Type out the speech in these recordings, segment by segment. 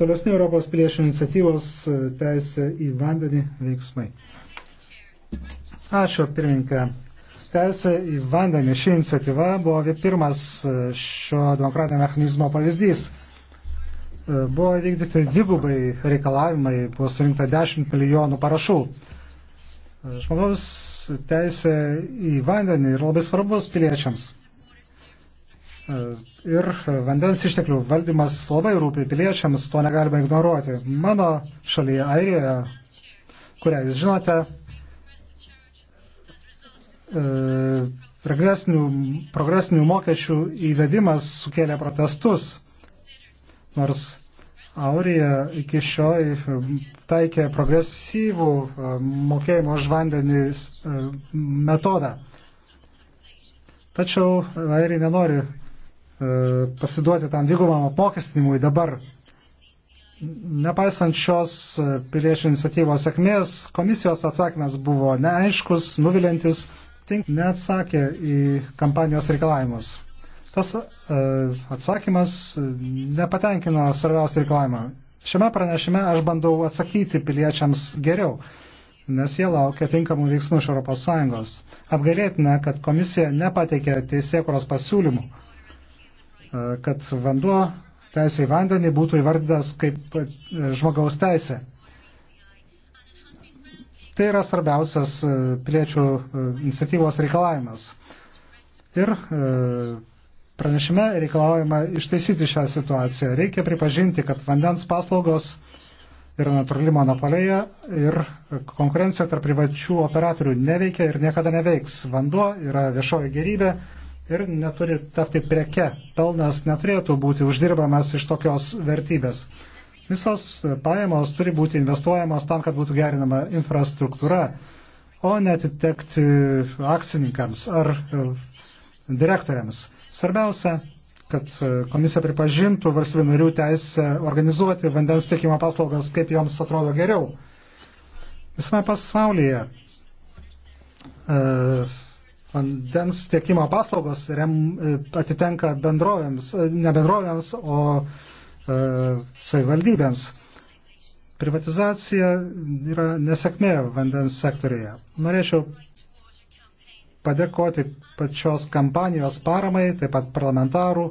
Tolesni Europos piliečių iniciatyvos e, teisė į vandenį veiksmai. Ačiū, pirmininkė. Teisė į vandenį. Ši iniciatyva buvo pirmas e, šio demokratinio mechanizmo pavyzdys. E, buvo vykdyti dvigubai reikalavimai, buvo surinkta 10 milijonų parašų. Žmogaus teisė į vandenį yra labai svarbus piliečiams. E, ir vandens išteklių valdymas labai rūpi piliečiams, to negalima ignoruoti. Mano šalyje, Airijoje, kurią jūs žinote, e, regresinių, progresinių mokesčių įvedimas sukėlė protestus, nors Aurija iki šiol taikė progresyvų e, mokėjimo už vandenį metodą. Tačiau airiai nenori E, pasiduoti tam dvigubam apmokestinimui dabar. Nepaisant šios e, piliečių iniciatyvos sėkmės, komisijos atsakymas buvo neaiškus, nuvilintis, tink neatsakė į kampanijos reikalavimus. Tas e, atsakymas nepatenkino svarbiausią reikalavimą. Šiame pranešime aš bandau atsakyti piliečiams geriau, nes jie laukia tinkamų veiksmų iš ES. Apgailėtina, kad komisija nepateikė teisėkuros pasiūlymų kad vanduo, teisė į vandenį būtų įvardytas kaip e, žmogaus teisė. Tai yra svarbiausias e, piliečių e, iniciatyvos reikalavimas. Ir pranešime reikalaujama ištaisyti šią situaciją. Reikia pripažinti, kad vandens paslaugos yra natūrali monopolija ir konkurencija tarp privačių operatorių neveikia ir niekada neveiks. Vanduo yra viešoji gerybė ir neturi tapti preke. Pelnas neturėtų būti uždirbamas iš tokios vertybės. Visos pajamos turi būti investuojamos tam, kad būtų gerinama infrastruktūra, o netitekti akcininkams ar e, direktoriams. Svarbiausia, kad e, komisija pripažintų valstybių narių teisę organizuoti vandens tiekimo paslaugas, kaip joms atrodo geriau. Visame pasaulyje uh, vandens tiekimo paslaugos rem, e, atitenka bendrovėms, e, ne bendrovėms, o e, savivaldybėms. Privatizacija yra nesėkmė vandens sektorėje. Norėčiau padėkoti pačios kampanijos paramai, taip pat parlamentarų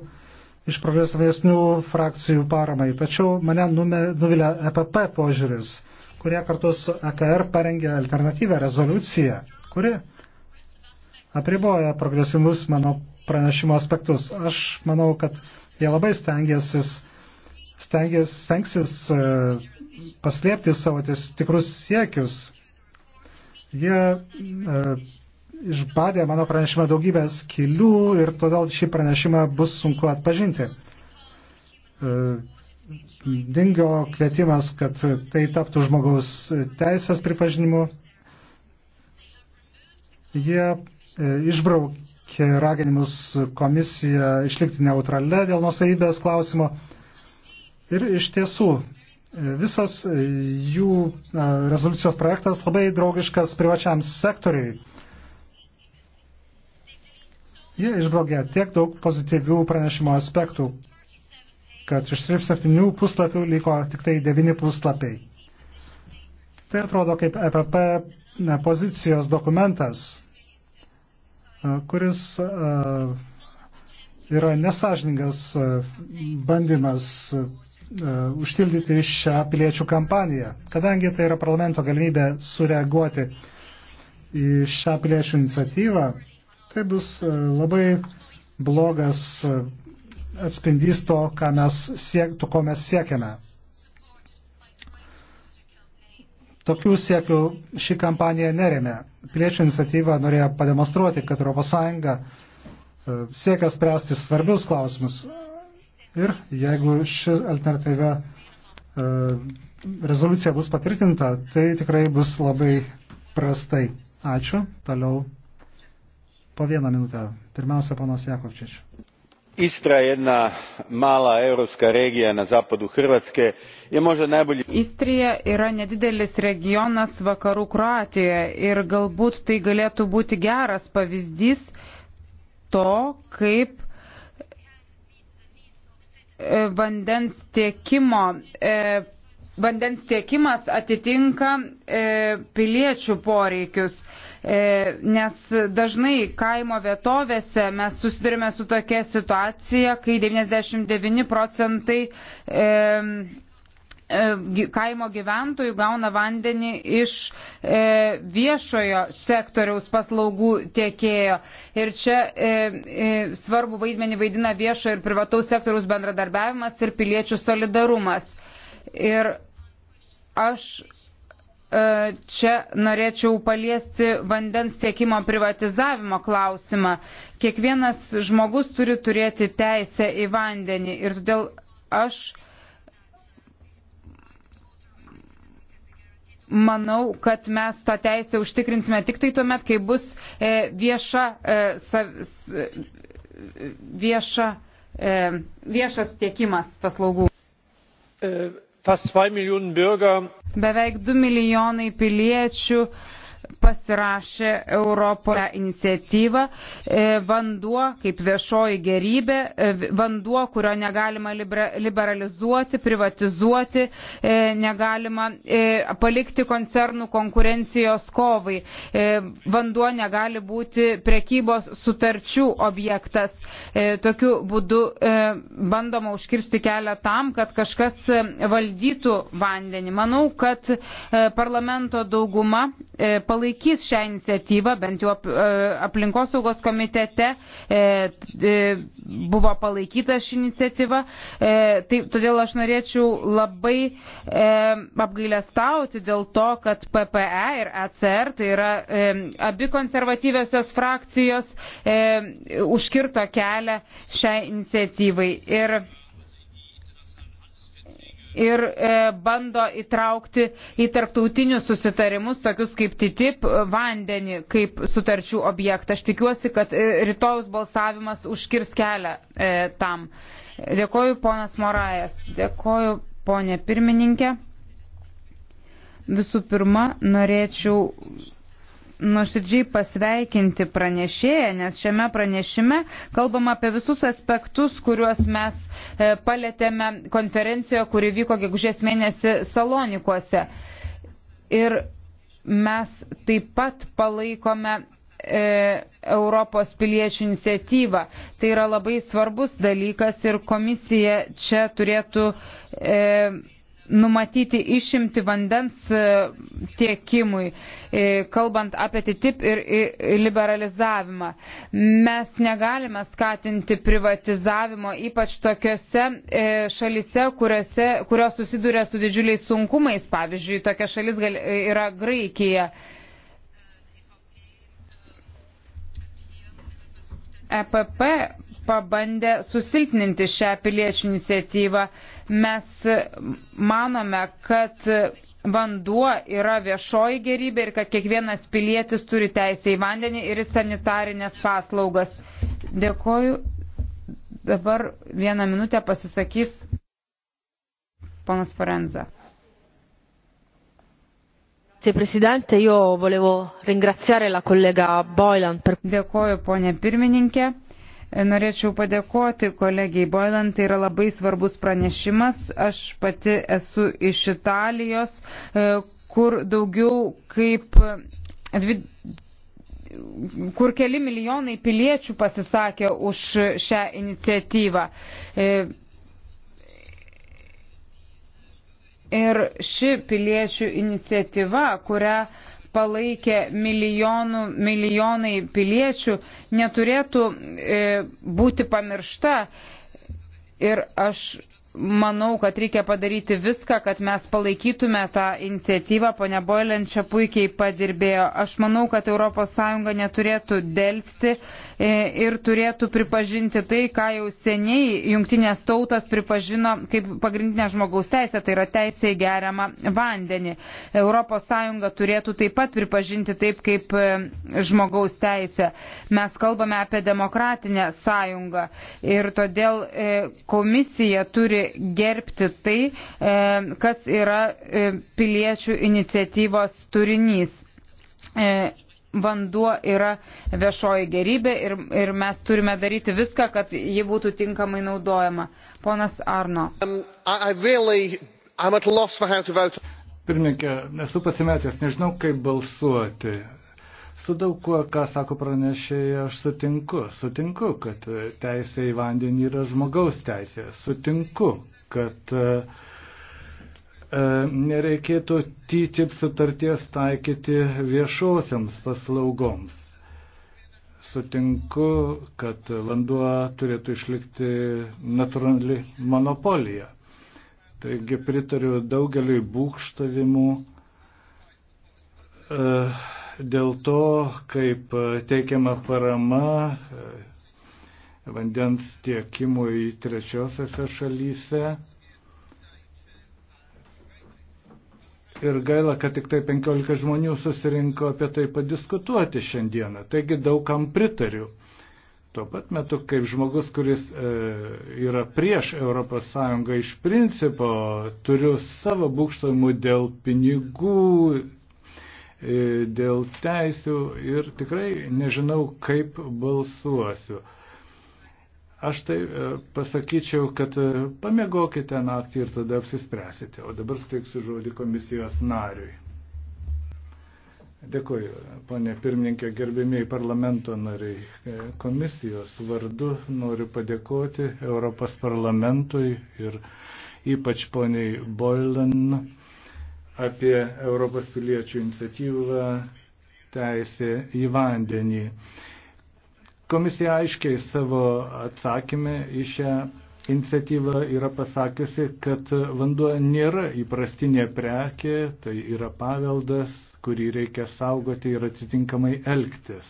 iš progresyvesnių frakcijų paramai. Tačiau mane nuvilia EPP požiūris, kurie kartu su EKR parengė alternatyvę rezoliuciją, kuri apriboja progresyvus mano pranešimo aspektus. Aš manau, kad jie labai stengėsis, stengės, stengsis e, paslėpti savo tikrus siekius. Jie uh, išbadė mano pranešimą daugybę skilių ir todėl šį pranešimą bus sunku atpažinti. Uh, e, dingo kvietimas, kad tai taptų žmogaus teisės pripažinimu. Jie E, išbraukė raginimus komisiją išlikti neutrale dėl nusaibės klausimo. Ir iš tiesų, e, visas jų e, rezoliucijos projektas labai draugiškas privačiam sektoriui. Jie išbraukė tiek daug pozityvių pranešimo aspektų, kad iš 37 puslapių liko tik tai 9 puslapiai. Tai atrodo kaip EPP pozicijos dokumentas, kuris e, yra nesažiningas e, bandymas e, užtildyti šią piliečių kampaniją. Kadangi tai yra parlamento galimybė sureaguoti į šią piliečių iniciatyvą, tai bus labai blogas atspindys to, ką mes siek, to ko mes siekiame. Tokių siekių ši kampanija neremia. Piliečių iniciatyva norėjo pademonstruoti, kad ES e, siekia spręsti svarbius klausimus. Ir jeigu ši alternatyva e, rezoliucija bus patvirtinta, tai tikrai bus labai prastai. Ačiū. Toliau po vieną minutę. Pirmiausia, panas Jakovčičius istra jedna mala europska regija na zapadu hrvatske je možda najbolji. istrija yra nedidelis regionas vakarų kroatijoje ir galbūt tai galėtų būti geras pavyzdys to kaip e, vandens tiekimo e, vandens tiekimas atitinka e, piliečių poreikius. E, nes dažnai kaimo vietovėse mes susidurime su tokia situacija, kai 99 procentai e, e kaimo gyventojų gauna vandenį iš e, viešojo sektoriaus paslaugų tiekėjo. Ir čia e, e, svarbu vaidmenį vaidina viešo ir privataus sektoriaus bendradarbiavimas ir piliečių solidarumas. E, Ir aš e, čia norėčiau paliesti vandens tiekimo privatizavimo klausimą. Kiekvienas žmogus turi turėti teisę į vandenį ir todėl aš manau, kad mes tą teisę užtikrinsime tik tai tuomet, kai bus e, vieša, e, vieša, viešas tiekimas paslaugų. Uh. Beveik 2 milijonai piliečių pasirašė Europoje iniciatyvą e, vanduo kaip viešoji gerybė, e, vanduo, kurio negalima liberalizuoti, privatizuoti, e, negalima palikti koncernų konkurencijos kovai. Vanduo negali būti prekybos sutarčių objektas. Tokiu būdu bandoma užkirsti kelią tam, kad kažkas valdytų vandenį. Manau, kad parlamento dauguma palaikys šią iniciatyvą, bent jau e, aplinkosaugos komitete e, e, buvo palaikyta ši iniciatyva. Tai, todėl aš norėčiau labai apgailestauti dėl to, kad PPE ir ECR, tai yra abi konservatyviosios frakcijos, užkirto kelią šiai iniciatyvai. Ir ir e, bando įtraukti į tarptautinius susitarimus, tokius kaip TTIP, e, vandenį kaip sutarčių objektą. Aš tikiuosi, kad e, rytojus balsavimas užkirs kelią e, tam. Dėkoju, ponas Morajas. Dėkoju, ponė pirmininkė. Visų pirma, norėčiau nuoširdžiai pasveikinti pranešėją, nes šiame pranešime kalbam apie visus aspektus, kuriuos mes e, palėtėme konferencijoje, kuri vyko gegužės mėnesį Salonikuose. Ir mes taip pat palaikome e, Europos piliečių iniciatyvą. Tai yra labai svarbus dalykas ir komisija čia turėtų e, numatyti išimti vandens e, tiekimui, e, kalbant apie TTIP ir liberalizavimą. Mes negalime skatinti privatizavimo, ypač tokiose e, šalise, kuriuose, kurios susiduria su didžiuliais sunkumais, pavyzdžiui, tokia šalis yra Graikija. EPP pabandė susilpninti šią piliečių iniciatyvą. Mes manome, kad vanduo yra viešoji gerybė ir kad kiekvienas pilietis turi teisę į vandenį ir į sanitarinės paslaugas. Dėkoju. Dabar vieną minutę pasisakys ponas Forenza. Grazie Presidente, io volevo ringraziare la collega Boylan per. Dėkoju, ponė pirmininkė. Norėčiau padėkoti kolegijai Boiland, tai yra labai svarbus pranešimas. Aš pati esu iš Italijos, e, kur daugiau kaip. E, dvi, kur keli milijonai piliečių pasisakė už šią iniciatyvą. E, Ir ši piliečių iniciatyva, kurią palaikė milijonų, milijonai piliečių, neturėtų e, būti pamiršta. Ir aš manau, kad reikia padaryti viską, kad mes palaikytume tą iniciatyvą. Pone Boilen čia puikiai padirbėjo. Aš manau, kad ES neturėtų dėlsti e, ir turėtų pripažinti tai, ką jau seniai jungtinės tautos pripažino kaip pagrindinę žmogaus teisę, tai yra teisė į geriamą vandenį. ES turėtų taip pat pripažinti taip kaip e, žmogaus teisę. Mes kalbame apie demokratinę sąjungą ir todėl e, komisija turi gerbti tai, e, kas yra e, piliečių iniciatyvos turinys e, vanduo yra viešoji gerybė ir, ir mes turime daryti viską, kad ji būtų tinkamai naudojama. Ponas Arno. Um, really, Pirmininkė, esu pasimetęs, nežinau, kaip balsuoti. Su daug kuo, ką sako pranešėjai, aš sutinku. Sutinku, kad teisė į vandenį yra žmogaus teisė. Sutinku, kad e, e nereikėtų TTIP sutarties taikyti viešosiams paslaugoms. Sutinku, kad vanduo turėtų išlikti natūrali monopolija. Taigi pritariu daugeliui būkštavimų. E, dėl to, kaip e, teikiama parama e, vandens tiekimui trečiosiose šalyse. Ir gaila, kad tik tai 15 žmonių susirinko apie tai padiskutuoti šiandieną. Taigi daugam pritariu. Tuo pat metu, kaip žmogus, kuris e, yra prieš ES iš principo, turiu savo būkštojimų dėl pinigų E, dėl teisių ir tikrai nežinau, kaip balsuosiu. Aš tai e, pasakyčiau, kad e, pamiegokite naktį ir tada apsispręsite. O dabar steiksiu žodį komisijos nariui. Dėkuoju, ponė pirmininkė, gerbėmiai parlamento nariai. Komisijos vardu noriu padėkoti Europos parlamentui ir ypač poniai Boylan apie Europos piliečių iniciatyvą teisė į vandenį. Komisija aiškiai savo atsakymę į šią iniciatyvą yra pasakiusi, kad vanduo nėra įprastinė prekė, tai yra paveldas, kurį reikia saugoti ir atitinkamai elgtis.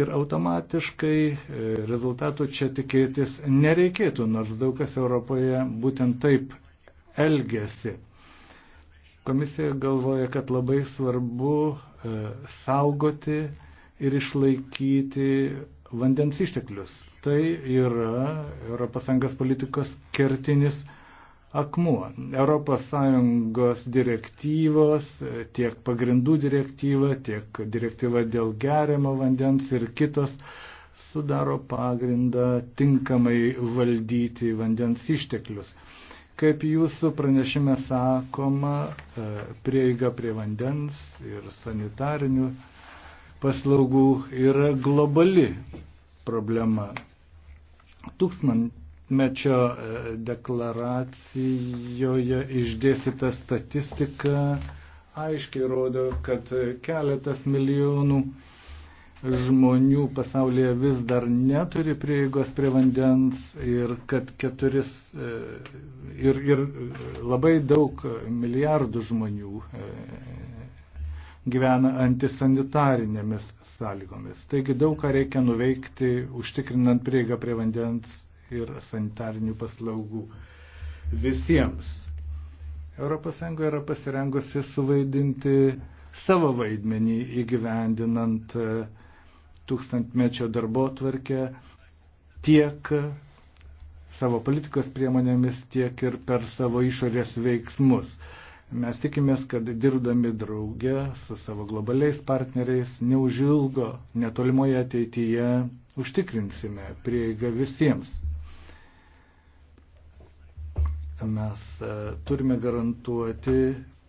Ir automatiškai e, rezultatų čia tikėtis nereikėtų, nors daug kas Europoje būtent taip elgesi. Komisija galvoja, kad labai svarbu e, saugoti ir išlaikyti vandens išteklius. Tai yra ES politikos kertinis akmuo. ES direktyvos, e, tiek pagrindų direktyva, tiek direktyva dėl geriamo vandens ir kitos sudaro pagrindą tinkamai valdyti vandens išteklius. Kaip jūsų pranešime sakoma, e, prieiga prie vandens ir sanitarinių paslaugų yra globali problema. Tūkstantmečio e, deklaracijoje išdėstyta statistika aiškiai rodo, kad keletas milijonų žmonių pasaulyje vis dar neturi prieigos prie vandens ir kad keturis e, ir, ir labai daug milijardų žmonių e, gyvena antisanitarinėmis sąlygomis. Taigi daug ką reikia nuveikti, užtikrinant prieigą prie vandens ir sanitarinių paslaugų visiems. ES yra pasirengusi suvaidinti savo vaidmenį įgyvendinant uh, tūkstantmečio darbo tvarkę tiek savo politikos priemonėmis, tiek ir per savo išorės veiksmus. Mes tikimės, kad dirbdami drauge su savo globaliais partneriais neužilgo, netolimoje ateityje užtikrinsime prieigą visiems. Mes e, turime garantuoti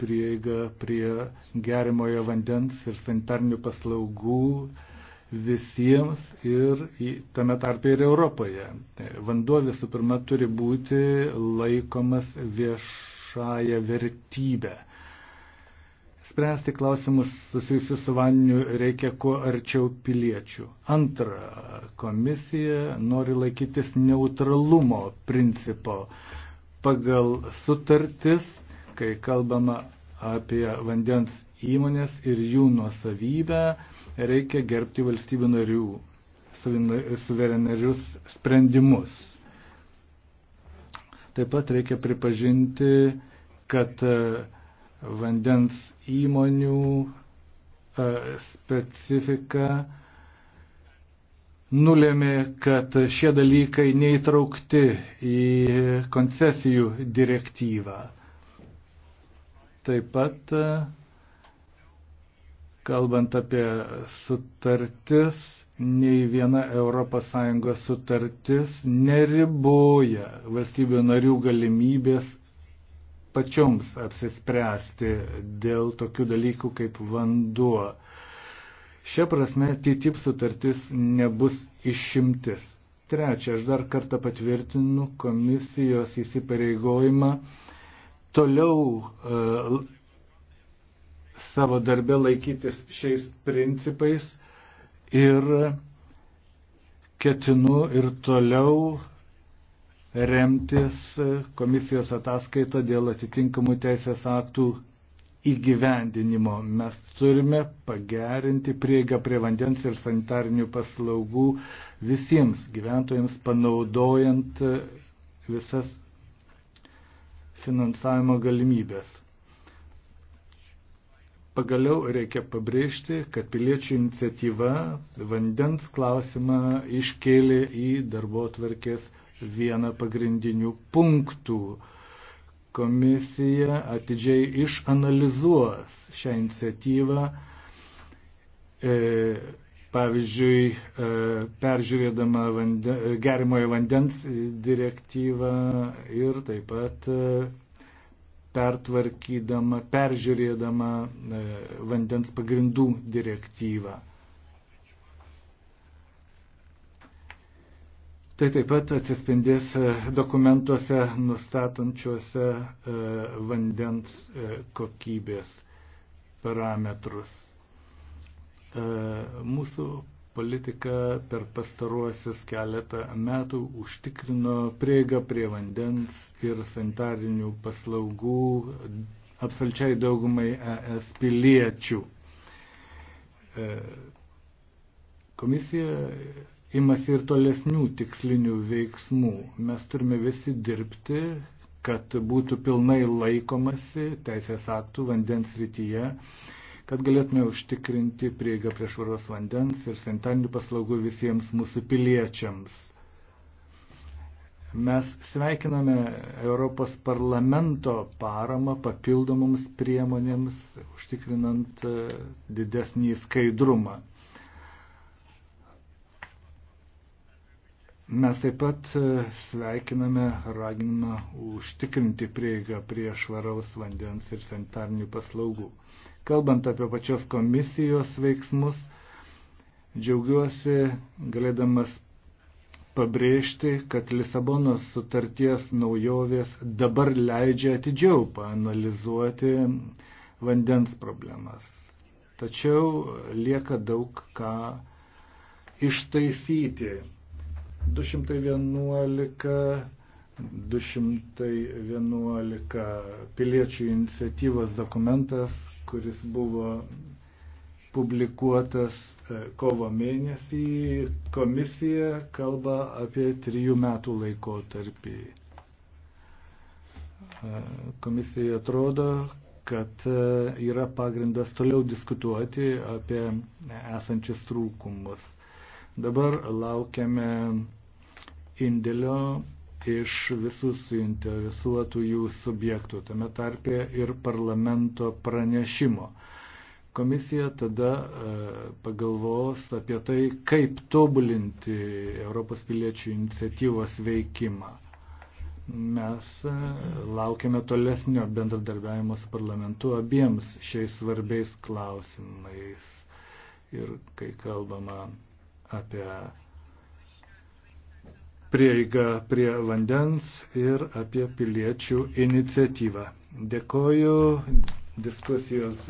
prieigą prie gerimojo vandens ir sanitarnių paslaugų visiems ir tame tarpe ir Europoje. Tai vanduo visų pirma turi būti laikomas viešąją vertybę. Spręsti klausimus susijusius su vandeniu reikia kuo arčiau piliečių. Antra, komisija nori laikytis neutralumo principo. Pagal sutartis, kai kalbama apie vandens įmonės ir jų nuosavybę, reikia gerbti valstybių narių suverenarius sprendimus. Taip pat reikia pripažinti, kad e, vandens įmonių e, specifika nulėmė, kad šie dalykai neįtraukti į koncesijų direktyvą. Taip pat, kalbant apie sutartis, nei viena ES sutartis neriboja valstybių narių galimybės pačioms apsispręsti dėl tokių dalykų kaip vanduo. Šia prasme, TTIP sutartis nebus išimtis. Trečia, aš dar kartą patvirtinu komisijos įsipareigojimą toliau e, savo darbę laikytis šiais principais ir ketinu ir toliau remtis komisijos ataskaita dėl atitinkamų teisės aktų įgyvendinimo. Mes turime pagerinti prieigą prie vandens ir sanitarinių paslaugų visiems gyventojams, panaudojant visas finansavimo galimybės. Pagaliau reikia pabrėžti, kad piliečių iniciatyva vandens klausimą iškėlė į darbo tvarkės vieną pagrindinių punktų. Komisija atidžiai išanalizuos šią iniciatyvą. E, Pavyzdžiui, e, peržiūrėdama vande, gerimojo vandens direktyvą ir taip pat e, pertvarkydama, peržiūrėdama e, vandens pagrindų direktyvą. Tai taip pat atsispindės dokumentuose nustatančiuose vandens kokybės parametrus. E, mūsų politika per pastaruosius keletą metų užtikrino prieigą prie vandens ir sanitarinių paslaugų absoliučiai daugumai ES piliečių. E, komisija imasi ir tolesnių tikslinių veiksmų. Mes turime visi dirbti, kad būtų pilnai laikomasi teisės aktų vandens rytyje kad galėtume užtikrinti prieigą prie švaros vandens ir sanitarinių paslaugų visiems mūsų piliečiams. Mes sveikiname Europos parlamento paramą papildomoms priemonėms, užtikrinant e, didesnį skaidrumą. Mes taip pat e, sveikiname raginimą užtikrinti prieigą prie švaraus vandens ir sanitarnių paslaugų. Kalbant apie pačios komisijos veiksmus, džiaugiuosi galėdamas pabrėžti, kad Lisabonos sutarties naujovės dabar leidžia atidžiau paanalizuoti vandens problemas. Tačiau lieka daug ką ištaisyti. 211 211 piliečių iniciatyvos dokumentas kuris buvo publikuotas e, kovo mėnesį, komisija kalba apie trijų metų laikotarpį. E, komisija atrodo, kad e, yra pagrindas toliau diskutuoti apie esančius trūkumus. Dabar laukiame indėlio iš visų suinteresuotųjų subjektų, tame tarpė ir parlamento pranešimo. Komisija tada e, pagalvos apie tai, kaip tobulinti Europos piliečių iniciatyvos veikimą. Mes e, laukiame tolesnio bendradarbiavimo su parlamentu abiems šiais svarbiais klausimais. Ir kai kalbama apie prieigą prie vandens ir apie piliečių iniciatyvą. Dėkoju diskusijos